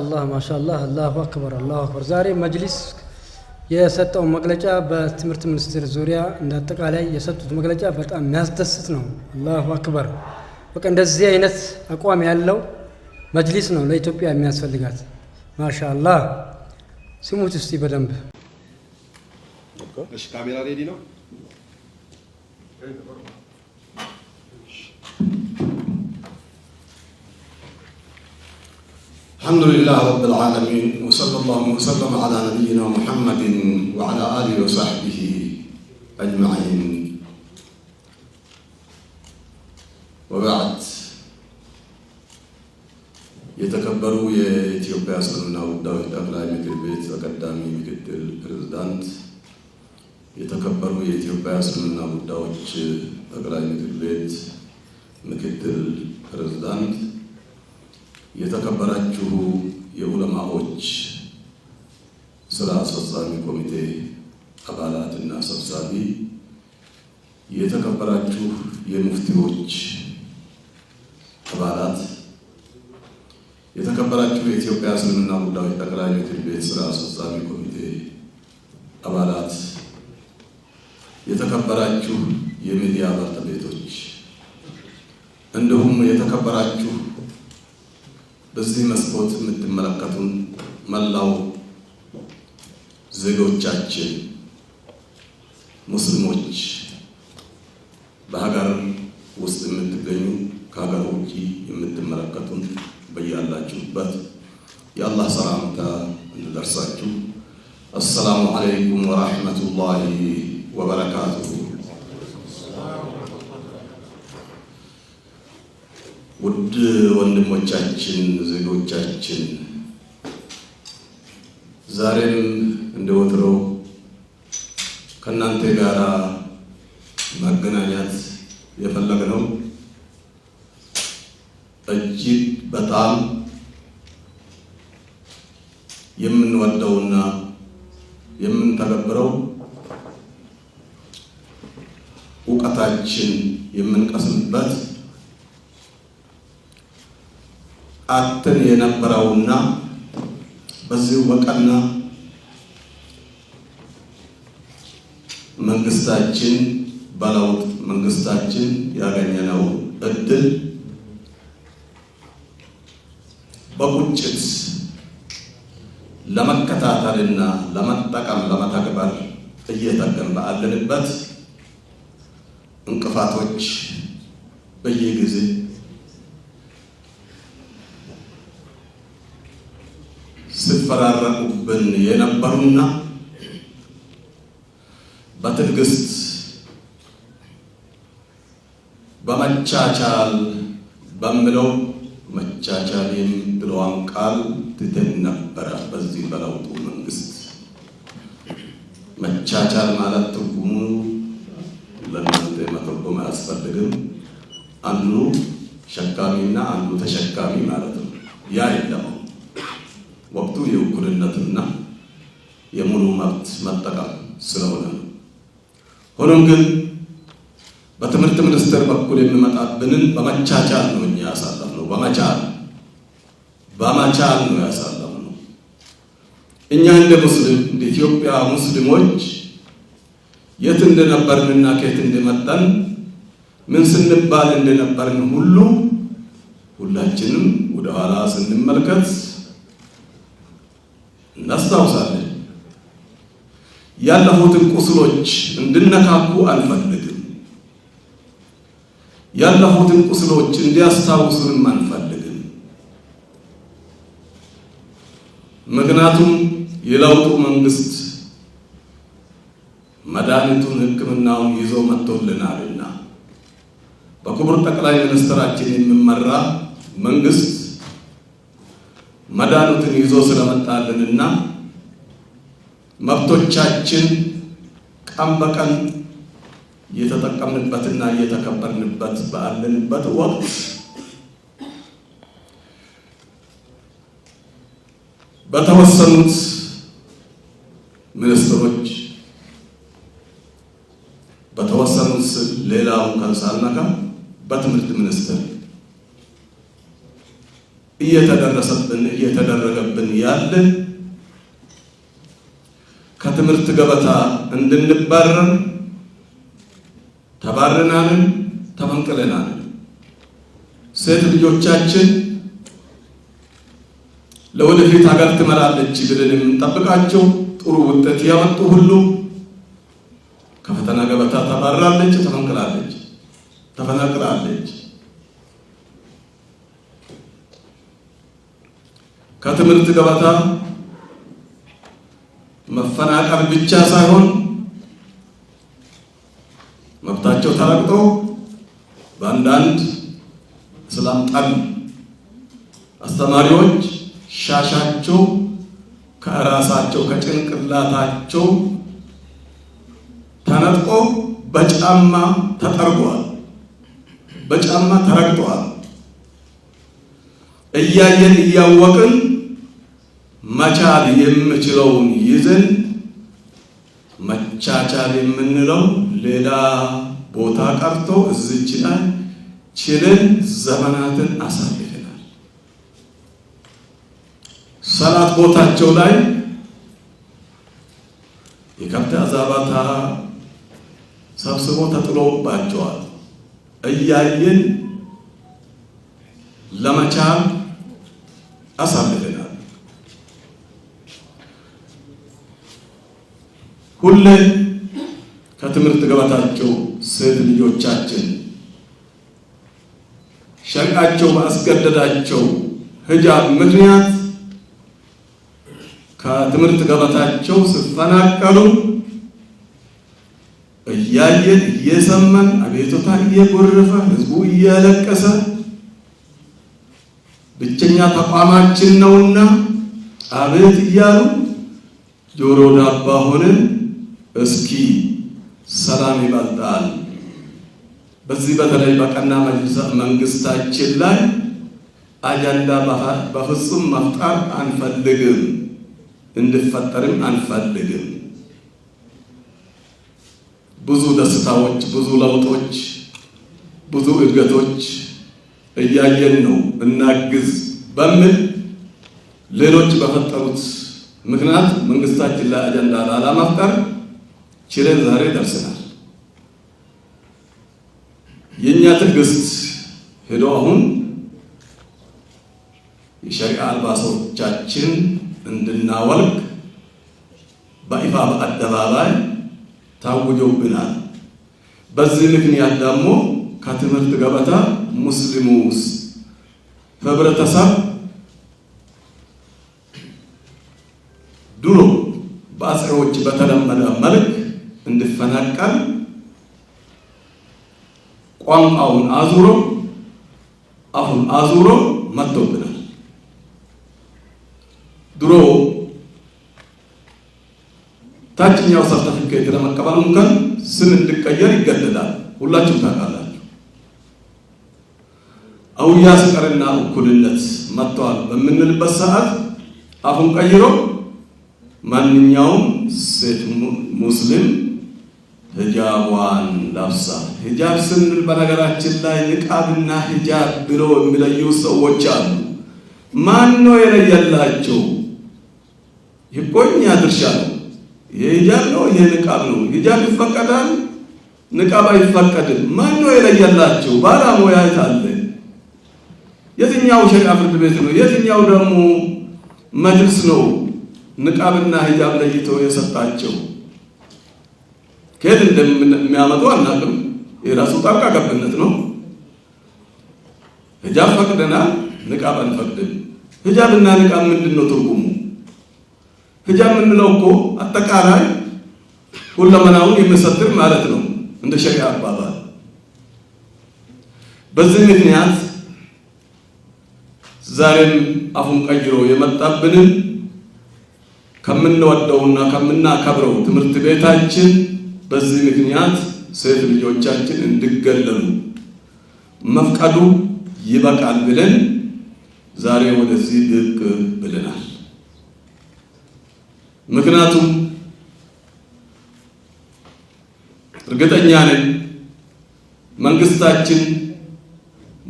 አላህ ማሻአላህ አላሁ አክበር አላሁ አክበር። ዛሬ መጅሊስ የሰጠው መግለጫ በትምህርት ሚኒስቴር ዙሪያ እንደ አጠቃላይ የሰጡት መግለጫ በጣም የሚያስደስት ነው። አላሁ አክበር። በቃ እንደዚህ አይነት አቋም ያለው መጅሊስ ነው ለኢትዮጵያ የሚያስፈልጋት። ማሻአላህ ስሙት እስቲ በደንብ እሺ። ካሜራ ሬዲ ነው። الحمد لله رب العالمين وصلى الله وسلم على نبينا محمد وعلى اله وصحبه اجمعين وبعد يتكبروا يا اثيوبيا سلمنا وداو الدفلاي مثل البيت القدامي مثل البريزدانت يتكبروا يا اثيوبيا سلمنا وداو الدفلاي مثل البيت مثل የተከበራችሁ የዑለማዎች ስራ አስፈጻሚ ኮሚቴ አባላትና ሰብሳቢ፣ የተከበራችሁ የሙፍቲዎች አባላት፣ የተከበራችሁ የኢትዮጵያ እስልምና ጉዳዮች ጠቅላይ ምክር ቤት ስራ አስፈጻሚ ኮሚቴ አባላት፣ የተከበራችሁ የሚዲያ ባለቤቶች፣ እንዲሁም የተከበራችሁ በዚህ መስኮት የምትመለከቱን መላው ዜጎቻችን ሙስሊሞች በሀገር ውስጥ የምትገኙ ከሀገር ውጭ የምትመለከቱን በያላችሁበት የአላህ ሰላምታ እንደደርሳችሁ። አሰላሙ አለይኩም ወራህመቱላሂ ወበረካቱሁ። ውድ ወንድሞቻችን፣ ዜጎቻችን ዛሬም እንደ ወትሮው ከእናንተ ጋር መገናኘት የፈለግነው እጅግ በጣም የምንወደውና የምንተገብረው እውቀታችን የምንቀስምበት አትን የነበረውና በዚህ ወቀና መንግስታችን በለውጥ መንግስታችን ያገኘነው እድል በቁጭት ለመከታተልና ለመጠቀም ለመተግበር እየተገን ባለንበት እንቅፋቶች በየጊዜ ስትፈራረቁብን የነበሩና በትዕግስት በመቻቻል በምለው መቻቻል የምትለዋን ቃል ትተን ነበረ። በዚህ በለውጡ መንግስት መቻቻል ማለት ትርጉሙ ለእናንተ መተርጎም አያስፈልግም። አንዱ ሸካሚና አንዱ ተሸካሚ ማለት ነው። ያ የለም። ነጻነትና የሙሉ መብት መጠቀም ስለሆነ ነው። ሆኖም ግን በትምህርት ሚኒስቴር በኩል የሚመጣብንን በመቻቻል ነው እኛ ያሳለፍነው። በመቻል በመቻል ነው ያሳለፍነው። እኛ እንደ ሙስሊም እንደ ኢትዮጵያ ሙስሊሞች የት እንደነበርንና ከየት እንደመጣን ምን ስንባል እንደነበርን ሁሉ ሁላችንም ወደኋላ ስንመልከት እናስታውሳለን። ያለፉትን ቁስሎች እንድነካኩ አንፈልግም። ያለፉትን ቁስሎች እንዲያስታውሱንም አንፈልግም። ምክንያቱም የለውጡ መንግስት መድኃኒቱን ሕክምናውን ይዞ መጥቶልናልና በክቡር ጠቅላይ ሚኒስትራችን የሚመራ መንግስት መዳኑትን ይዞ ስለመጣልንና መብቶቻችን ቀን በቀን እየተጠቀምንበትና እየተከበርንበት ባለንበት ወቅት በተወሰኑት ሚኒስትሮች በተወሰኑት ሌላው ከንሳልናካ በትምህርት ሚኒስትር እየተደረሰብን እየተደረገብን ያለ ከትምህርት ገበታ እንድንባረር ተባረናንን ተፈንቅለናንን ሴት ልጆቻችን ለወደፊት ሀገር ትመራለች ብለን የምንጠብቃቸው ጥሩ ውጤት ያመጡ ሁሉ ከፈተና ገበታ ተባራለች፣ ተፈንቅላለች፣ ተፈናቅላለች። ከትምህርት ገበታ መፈናቀል ብቻ ሳይሆን መብታቸው ተረግጦ በአንዳንድ እስላም ጠል አስተማሪዎች ሻሻቸው ከራሳቸው ከጭንቅላታቸው ተነጥቆ በጫማ ተጠርጓል፣ በጫማ ተረግጠዋል። እያየን እያወቅን መቻል የምችለውን ይዘን መቻቻል የምንለው ሌላ ቦታ ቀርቶ እዚች ላይ ችልን ዘመናትን አሳልፈናል። ሰላት ቦታቸው ላይ የከብት አዛባታ ሰብስቦ ተጥሎባቸዋል። እያየን ለመቻል አሳልፈናል። ሁሌ ከትምህርት ገበታቸው ሴት ልጆቻችን ሸቃቸው ባስገደዳቸው ሂጃብ ምክንያት ከትምህርት ገበታቸው ሲፈናቀሉ እያየን እየሰማን አቤቱታ እየጎረፈ ህዝቡ እያለቀሰ ብቸኛ ተቋማችን ነውና አቤት እያሉ ጆሮ ዳባ ሆነን እስኪ ሰላም ይበልጣል። በዚህ በተለይ በቀና መንግስታችን ላይ አጀንዳ በፍጹም መፍጠር አንፈልግም፣ እንድፈጠርም አንፈልግም። ብዙ ደስታዎች፣ ብዙ ለውጦች፣ ብዙ እድገቶች እያየን ነው። እናግዝ በሚል ሌሎች በፈጠሩት ምክንያት መንግስታችን ላይ አጀንዳ ላለመፍጠር ችለን ዛሬ ደርሰናል። የእኛ ትዕግስት ሄዶ አሁን የሸሪዓ አልባሶቻችን እንድናወልቅ በይፋ በአደባባይ ታውጆብናል። በዚህ ምክንያት ደግሞ ከትምህርት ገበታ ሙስሊሙ ህብረተሰብ ድሮ በአጼዎች በተለመደ መልክ እንድፈናቀል ቋንቋውን አዙሮ አፉን አዙሮ መጥቶብናል። ድሮ ታችኛው ሰርተፊኬት ለመቀበል እንኳን ስም እንድቀየር ይገደዳል። ሁላችሁም ታውቃላችሁ። አውያ ስቀርና እኩልነት መጥተዋል በምንልበት ሰዓት አፉን ቀይሮ ማንኛውም ሴት ሙስሊም ሂጃቧን ለብሳ ሂጃብ ስንል በነገራችን ላይ ንቃብና ሂጃብ ብሎ የሚለዩ ሰዎች አሉ። ማን ነው የለየላቸው? ይቆኛ ድርሻ ነው። የሂጃብ ነው የንቃብ ነው። ሂጃብ ይፈቀዳል፣ ንቃብ አይፈቀድም። ማን ነው የለየላቸው? ባለሙያ አለ። የትኛው ሸሪዓ ፍርድ ቤት ነው? የትኛው ደግሞ መድረስ ነው? ንቃብና ሂጃብ ለይተው የሰጣቸው ከየት እንደሚያመጡ አናውቅም። የራሱ ጣልቃ ገብነት ነው። ሂጃብ ፈቅደናል፣ ንቃብ አንፈቅድም። ሂጃብና ንቃብ ምንድን ነው ትርጉሙ? ሂጃብ የምንለው እኮ አጠቃላይ ሁለመናውን የሚሰትር ማለት ነው እንደ ሸሪዓ አባባል። በዚህ ምክንያት ዛሬም አፉን ቀይሮ የመጣብንን ከምንወደውና ከምናከብረው ትምህርት ቤታችን በዚህ ምክንያት ሴት ልጆቻችን እንዲገለሉ መፍቀዱ ይበቃል ብለን ዛሬ ወደዚህ ብቅ ብለናል። ምክንያቱም እርግጠኛ ነን መንግስታችን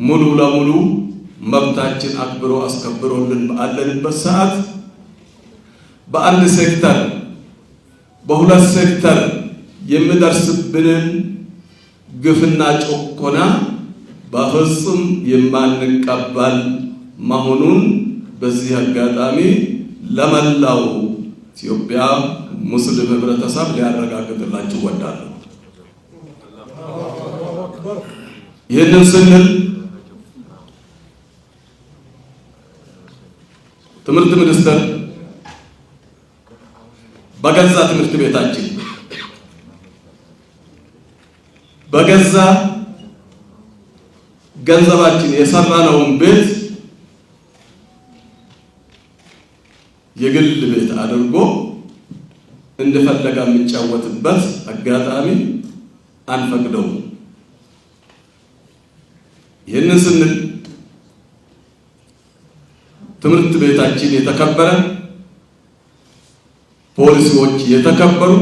ሙሉ ለሙሉ መብታችን አክብሮ አስከብሮልን ባለንበት ሰዓት በአንድ ሴክተር፣ በሁለት ሴክተር የምደርስብንን ግፍና ጭቆና በፍጹም የማንቀበል መሆኑን በዚህ አጋጣሚ ለመላው ኢትዮጵያ ሙስሊም ህብረተሰብ ሊያረጋግጥላችሁ ወዳለሁ። ይህንን ስንል ትምህርት ሚኒስቴር በገዛ ትምህርት ቤታችን በገዛ ገንዘባችን የሰራነውን ቤት የግል ቤት አድርጎ እንደፈለጋ የሚጫወትበት አጋጣሚ አንፈቅደውም። ይህንን ስንል ትምህርት ቤታችን የተከበረ፣ ፖሊሲዎች የተከበሩ፣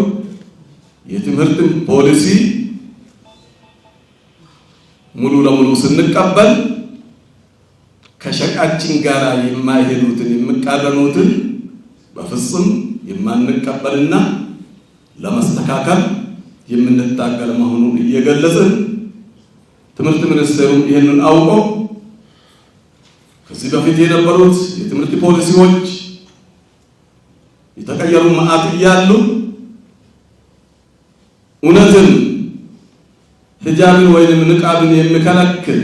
የትምህርትን ፖሊሲ ሙሉ ለሙሉ ስንቀበል ከሸቃችን ጋር የማይሄዱትን የሚቃረኑትን በፍጹም የማንቀበልና ለመስተካከል የምንታገል መሆኑን እየገለጽን ትምህርት ሚኒስቴሩ ይህንን አውቆ ከዚህ በፊት የነበሩት የትምህርት ፖሊሲዎች የተቀየሩ መዓት እያሉ እውነትን ሂጃብን ወይንም ንቃብን የሚከለክል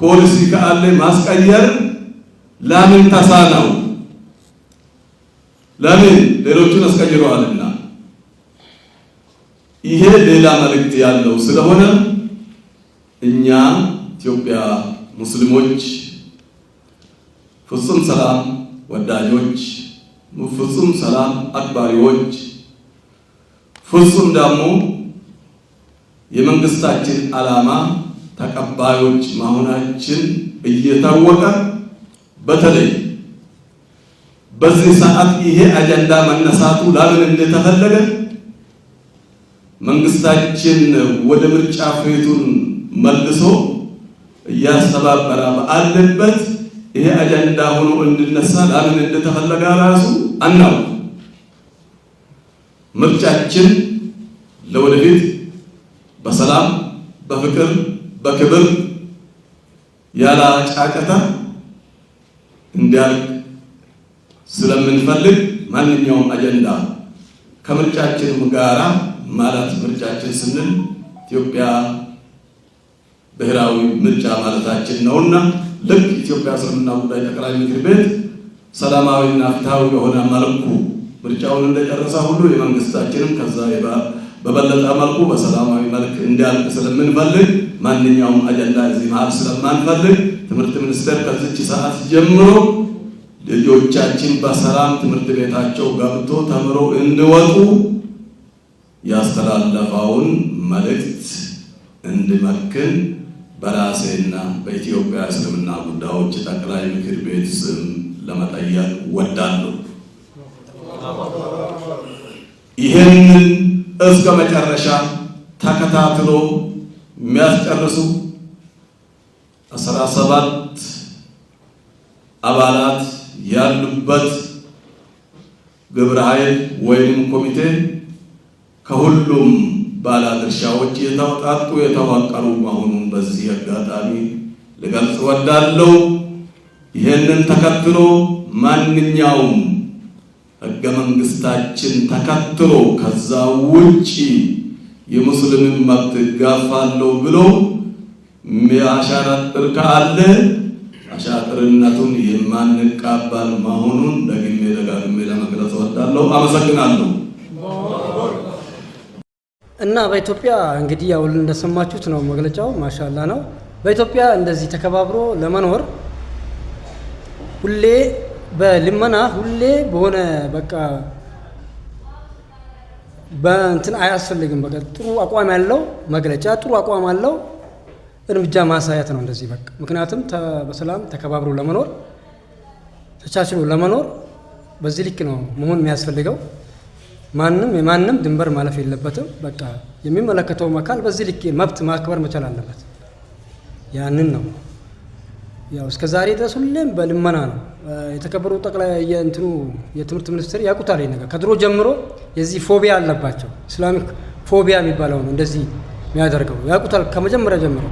ፖሊሲ ካለ ማስቀየር ለምን ተሳነው? ለምን ሌሎቹን አስቀይረዋልና። ይሄ ሌላ መልእክት ያለው ስለሆነ እኛ ኢትዮጵያ ሙስሊሞች ፍጹም ሰላም ወዳጆች፣ ፍጹም ሰላም አክባሪዎች፣ ፍጹም ደግሞ የመንግስታችን ዓላማ ተቀባዮች መሆናችን እየታወቀ በተለይ በዚህ ሰዓት ይሄ አጀንዳ መነሳቱ ለምን እንደተፈለገ መንግስታችን ወደ ምርጫ ፊቱን መልሶ እያስተባበረ ባለበት ይሄ አጀንዳ ሆኖ እንድነሳ ለምን እንደተፈለገ ራሱ አናውቅ። ምርጫችን ለወደፊት በሰላም በፍቅር በክብር ያለ ጫጫታ እንዲያልቅ ስለምንፈልግ ማንኛውም አጀንዳ ከምርጫችንም ጋራ ማለት ምርጫችን ስንል ኢትዮጵያ ብሔራዊ ምርጫ ማለታችን ነውና ልክ ኢትዮጵያ እስልምና ጉዳይ ጠቅላይ ምክር ቤት ሰላማዊና ፍትሃዊ የሆነ መልኩ ምርጫውን እንደጨረሰ ሁሉ የመንግስታችንም ከዛ በበለጠ መልኩ በሰላማዊ መልክ እንዲያልቅ ስለምንፈልግ ማንኛውም አጀንዳ እዚህ መሀል ስለማንፈልግ ትምህርት ሚኒስቴር ከዚች ሰዓት ጀምሮ ልጆቻችን በሰላም ትምህርት ቤታቸው ገብቶ ተምሮ እንዲወጡ ያስተላለፈውን መልእክት እንድመክን በራሴና በኢትዮጵያ እስልምና ጉዳዮች ጠቅላይ ምክር ቤት ስም ለመጠየቅ ወዳለሁ። ይህንን እስከ መጨረሻ ተከታትሎ የሚያስጨርሱ አስራ ሰባት አባላት ያሉበት ግብረ ኃይል ወይም ኮሚቴ ከሁሉም ባለድርሻዎች የተውጣጡ የተዋቀሩ መሆኑን በዚህ አጋጣሚ ልገልጽ እወዳለሁ። ይህንን ተከትሎ ማንኛውም ሕገ መንግስታችን ተከትሎ ከዛ ውጪ የሙስሊምን መብት እጋፋለሁ ብሎ የሚያሻጥር ካለ አሻጥርነቱን የማንቀበል መሆኑን ደግሜ ደጋግሜ ለመግለጽ እወዳለሁ። አመሰግናለሁ። እና በኢትዮጵያ እንግዲህ ያው እንደሰማችሁት ነው መግለጫው። ማሻላ ነው። በኢትዮጵያ እንደዚህ ተከባብሮ ለመኖር ሁሌ በልመና ሁሌ በሆነ በቃ በእንትን አያስፈልግም። በቃ ጥሩ አቋም ያለው መግለጫ፣ ጥሩ አቋም አለው እርምጃ ማሳየት ነው እንደዚህ በቃ። ምክንያቱም በሰላም ተከባብሮ ለመኖር ተቻችሎ ለመኖር በዚህ ልክ ነው መሆን የሚያስፈልገው። ማንም የማንም ድንበር ማለፍ የለበትም። በቃ የሚመለከተውም አካል በዚህ ልክ መብት ማክበር መቻል አለበት። ያንን ነው ያው እስከ ዛሬ ድረስ ሁሌም በልመና ነው የተከበሩ ጠቅላይ የእንትኑ የትምህርት ሚኒስትር ያውቁታል። ነገር ከድሮ ጀምሮ የዚህ ፎቢያ አለባቸው። ኢስላሚክ ፎቢያ የሚባለው ነው እንደዚህ የሚያደርገው ያውቁታል ከመጀመሪያ ጀምሮ